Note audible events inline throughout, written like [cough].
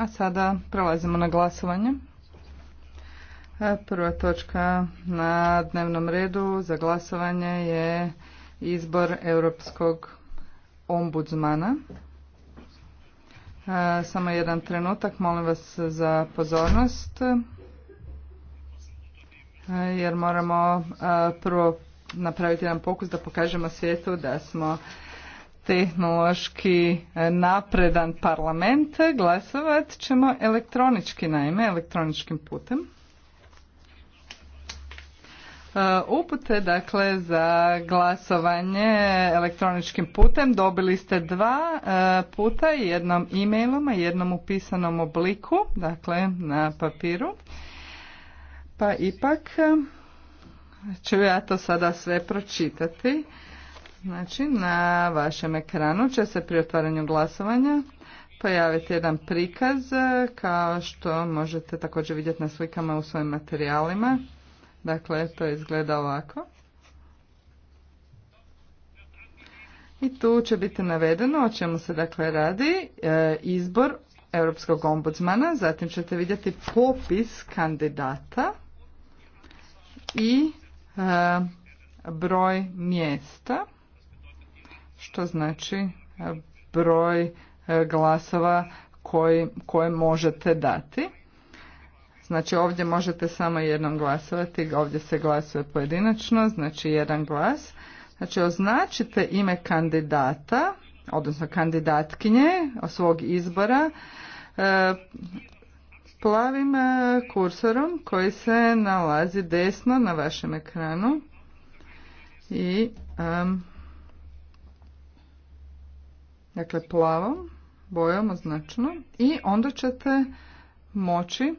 A sada prelazimo na glasovanje. E, prva točka na dnevnom redu za glasovanje je izbor europskog ombudsmana. E, samo jedan trenutak, molim vas za pozornost, e, jer moramo prvo napraviti jedan pokus da pokažemo svijetu da smo tehnološki e, napredan parlament. Glasovat ćemo elektronički, naime, elektroničkim putem. E, upute dakle za glasovanje elektroničkim putem dobili ste dva e, puta, jednom e-mailom, i jednom u pisanom obliku, dakle na papiru. Pa ipak ću ja to sada sve pročitati. Znači, na vašem ekranu će se pri otvaranju glasovanja pojaviti jedan prikaz e, kao što možete također vidjeti na slikama u svojim materijalima. Dakle, to izgleda ovako. I tu će biti navedeno o čemu se dakle radi e, izbor Europskog ombudsmana, zatim ćete vidjeti popis kandidata i e, broj mjesta što znači e, broj e, glasova koji, koje možete dati. Znači ovdje možete samo jednom glasovati, ovdje se glasuje pojedinačno, znači jedan glas. Znači označite ime kandidata, odnosno kandidatkinje svog izbora e, plavim kursorom koji se nalazi desno na vašem ekranu i um, dakle plavom bojom označeno i onda ćete moći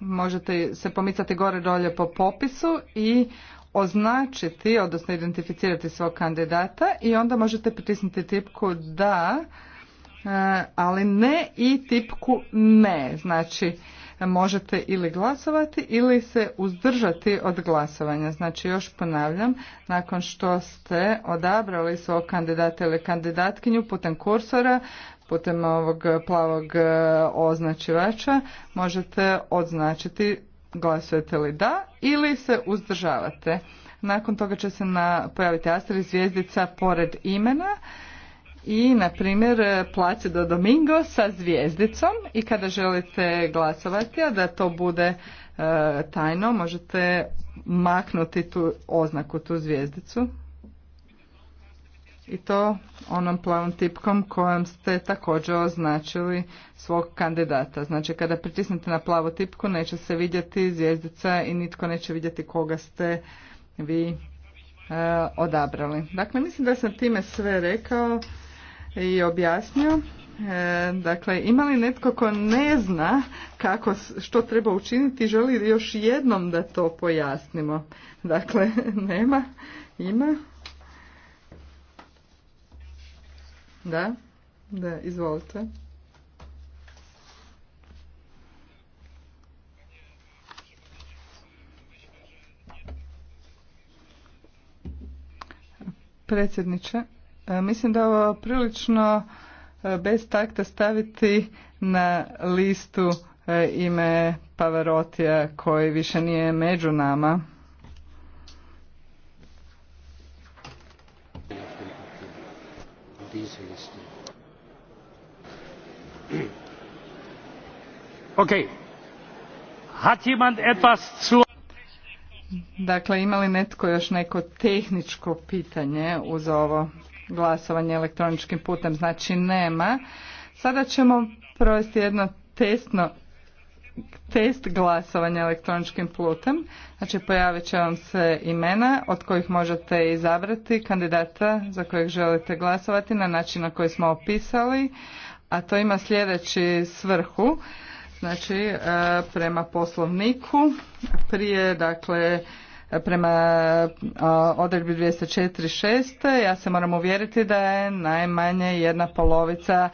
možete se pomicati gore dolje po popisu i označiti, odnosno identificirati svog kandidata i onda možete pritisnuti tipku da, e, ali ne i tipku ne. Znači, možete ili glasovati ili se uzdržati od glasovanja. Znači još ponavljam, nakon što ste odabrali svog kandidata ili kandidatkinju putem kursora, putem ovog plavog e, označivača, možete označiti glasujete li da ili se uzdržavate. Nakon toga će se na, pojaviti asteri zvijezdica pored imena i na primjer do Domingo sa zvijezdicom i kada želite glasovati, a da to bude e, tajno, možete maknuti tu oznaku, tu zvijezdicu i to onom plavom tipkom kojom ste također označili svog kandidata. Znači kada pritisnete na plavu tipku neće se vidjeti zvijezdica i nitko neće vidjeti koga ste vi e, odabrali. Dakle, mislim da sam time sve rekao i objasnio. E, dakle, ima li netko ko ne zna kako, što treba učiniti, želi još jednom da to pojasnimo? Dakle, [laughs] nema, ima. Da, da, izvolite. Predsjedniče, E, mislim da je ovo prilično e, bez takta staviti na listu e, ime Pavarotija koji više nije među nama. ok Hat jemand etwas zu... Dakle, imali netko još neko tehničko pitanje uz ovo? glasovanje elektroničkim putem, znači nema. Sada ćemo provesti jedno testno test glasovanja elektroničkim putem. Znači pojavit će vam se imena od kojih možete izabrati kandidata za kojeg želite glasovati na način na koji smo opisali, a to ima sljedeći svrhu. Znači e, prema poslovniku prije dakle Prema odredbi 246. ja se moram uvjeriti da je najmanje jedna polovica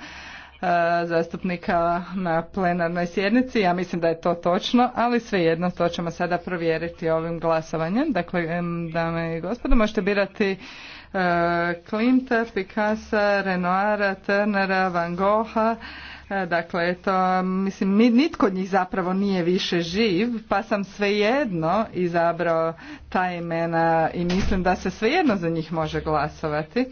zastupnika na plenarnoj sjednici. Ja mislim da je to točno, ali svejedno to ćemo sada provjeriti ovim glasovanjem. Dakle, dame i gospodo, možete birati Eh, Klimta, Picasso, Renoira, Turnera, Van Gogha, eh, Dakle, to, mislim, nitko od njih zapravo nije više živ, pa sam svejedno izabrao ta imena i mislim da se svejedno za njih može glasovati.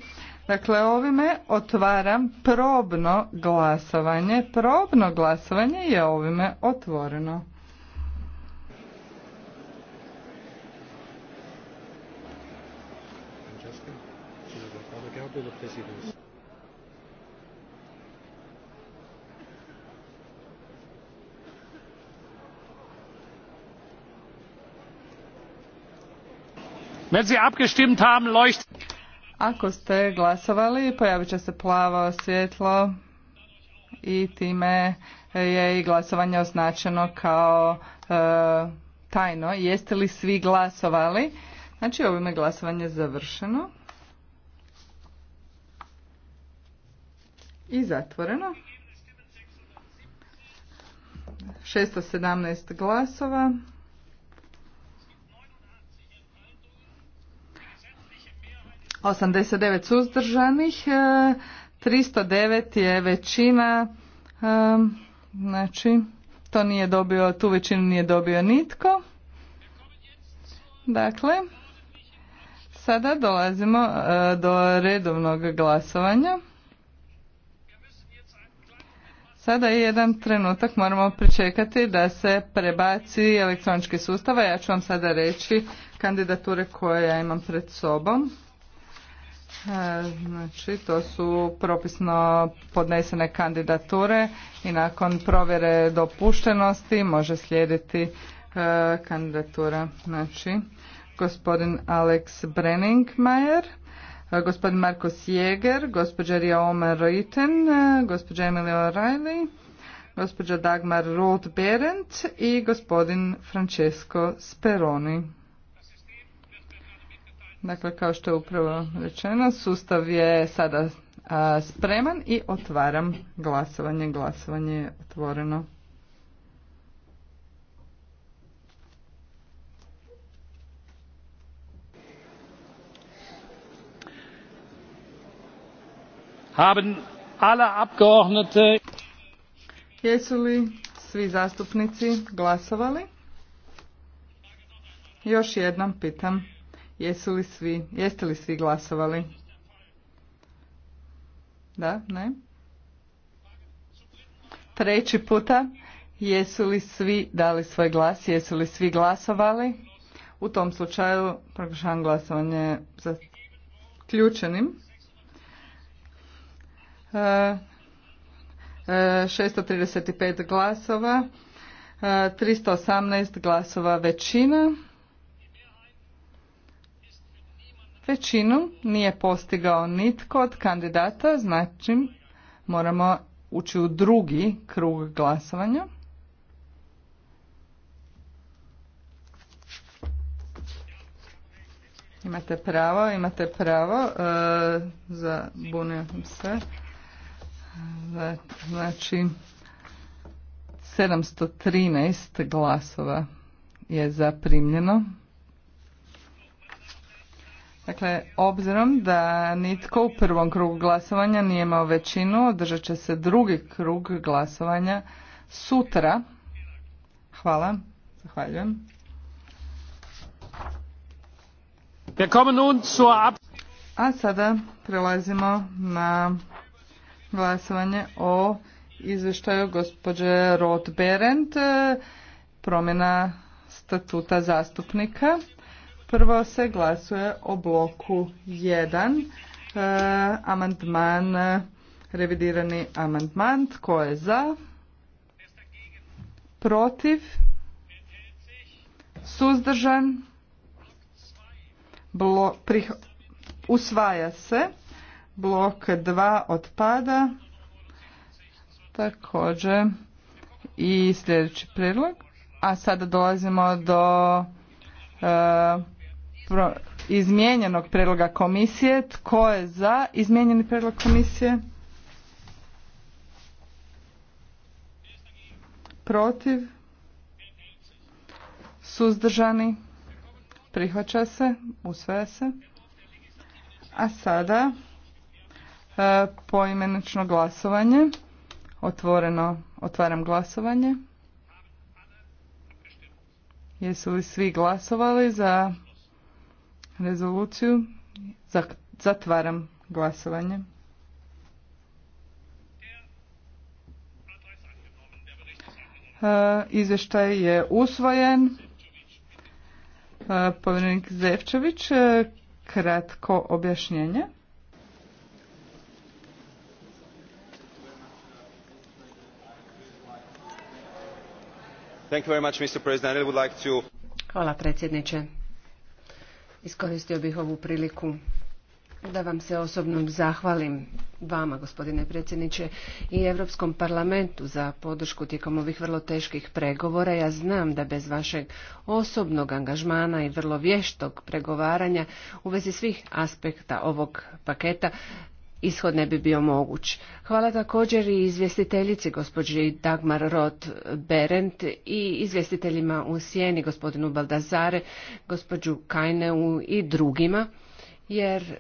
Dakle, ovime otvaram probno glasovanje. Probno glasovanje je ovime otvoreno. Ako ste glasovali, pojavit će se plavo svjetlo i time je i glasovanje označeno kao e, tajno. Jeste li svi glasovali? Znači ovime glasovanje završeno. i zatvoreno. 617 glasova. Osamdeset devet suzdržanih, 309 e, je većina, e, znači to nije dobio, tu većinu nije dobio nitko. Dakle, sada dolazimo e, do redovnog glasovanja sada je jedan trenutak moramo pričekati da se prebaci elektronički sustav, a ja ću vam sada reći kandidature koje ja imam pred sobom. E, znači, to su propisno podnesene kandidature i nakon provjere dopuštenosti može slijediti e, kandidatura. Znači, gospodin Alex Brenningmajer, gospodin Marko Sjeger, gospođa Ria omer gospođa Emilio O'Reilly, gospođa Dagmar Roth Berendt i gospodin Francesco Speroni. Dakle, kao što je upravo rečeno, sustav je sada spreman i otvaram glasovanje. Glasovanje je otvoreno. haben alle abgeordnete jesu li svi zastupnici glasovali još jednom pitam jesu li svi jeste li svi glasovali da ne treći puta jesu li svi dali svoj glas jesu li svi glasovali u tom slučaju proglašavam glasovanje za ključenim 635 glasova, 318 glasova većina. Većinu nije postigao nitko od kandidata, znači moramo ući u drugi krug glasovanja. Imate pravo, imate pravo, e, se. Znači, 713 glasova je zaprimljeno. Dakle, obzirom da nitko u prvom krugu glasovanja nije imao većinu, održat će se drugi krug glasovanja sutra. Hvala. Zahvaljujem. A sada prelazimo na glasovanje o izvještaju gospođe Roth Berend, e, promjena statuta zastupnika. Prvo se glasuje o bloku 1, e, amandman, revidirani amandman, tko je za, protiv, suzdržan, usvaja se blok 2 otpada. Također i sljedeći prijedlog. A sada dolazimo do e, izmijenjenog prijedloga komisije. Tko je za izmijenjeni prijedlog komisije? Protiv? Suzdržani? Prihvaća se? Usvaja se? A sada E, poimenično glasovanje. Otvoreno, otvaram glasovanje. Jesu li svi glasovali za rezoluciju? Zatvaram glasovanje. E, izvještaj je usvojen. E, povjerenik Zevčević, kratko objašnjenje. predsjedniče. Iskoristio bih ovu priliku da vam se osobno zahvalim vama gospodine predsjedniče i Europskom parlamentu za podršku tijekom ovih vrlo teških pregovora. Ja znam da bez vašeg osobnog angažmana i vrlo vještog pregovaranja u vezi svih aspekta ovog paketa ishod ne bi bio moguć. Hvala također i izvjestiteljici gospođi Dagmar Roth Berend i izvjestiteljima u Sjeni gospodinu Baldazare, gospođu Kajneu i drugima, jer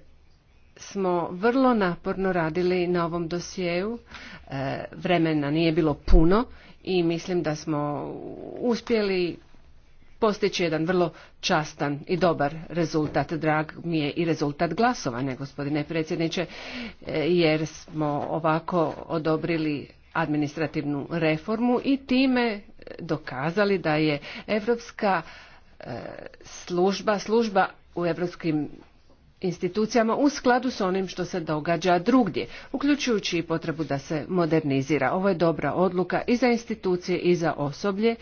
smo vrlo naporno radili na ovom dosjeu, e, vremena nije bilo puno i mislim da smo uspjeli postići jedan vrlo častan i dobar rezultat. Drag mi je i rezultat glasovanja, gospodine predsjedniče, e, jer smo ovako odobrili administrativnu reformu i time dokazali da je Europska e, služba, služba u europskim institucijama u skladu s onim što se događa drugdje, uključujući i potrebu da se modernizira. Ovo je dobra odluka i za institucije i za osoblje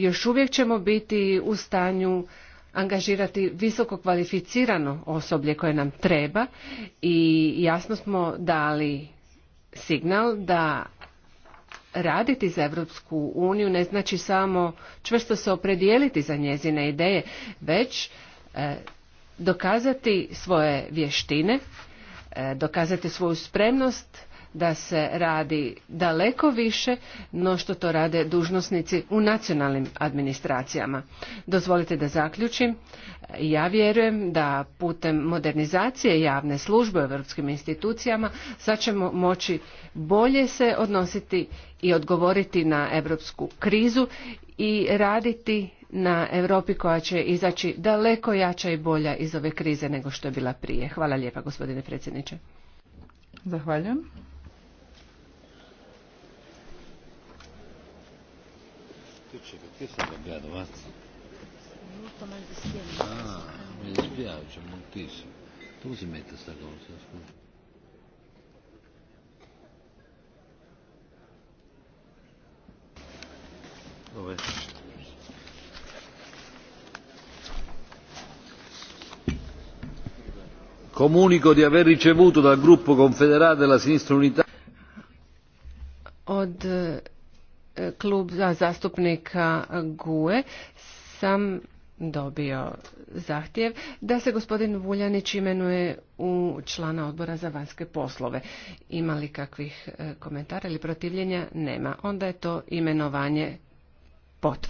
još uvijek ćemo biti u stanju angažirati visoko kvalificirano osoblje koje nam treba i jasno smo dali signal da raditi za Europsku uniju ne znači samo čvrsto se opredijeliti za njezine ideje, već e, dokazati svoje vještine, e, dokazati svoju spremnost da se radi daleko više no što to rade dužnosnici u nacionalnim administracijama. Dozvolite da zaključim. Ja vjerujem da putem modernizacije javne službe u europskim institucijama sad ćemo moći bolje se odnositi i odgovoriti na europsku krizu i raditi na Europi koja će izaći daleko jača i bolja iz ove krize nego što je bila prije. Hvala lijepa gospodine predsjedniče. Zahvaljujem. Ah, Comunico di aver ricevuto dal gruppo confederale della sinistra unità. klub zastupnika GUE sam dobio zahtjev da se gospodin Vuljanić imenuje u člana odbora za vanjske poslove. Ima li kakvih e, komentara ili protivljenja? Nema. Onda je to imenovanje potvrđeno.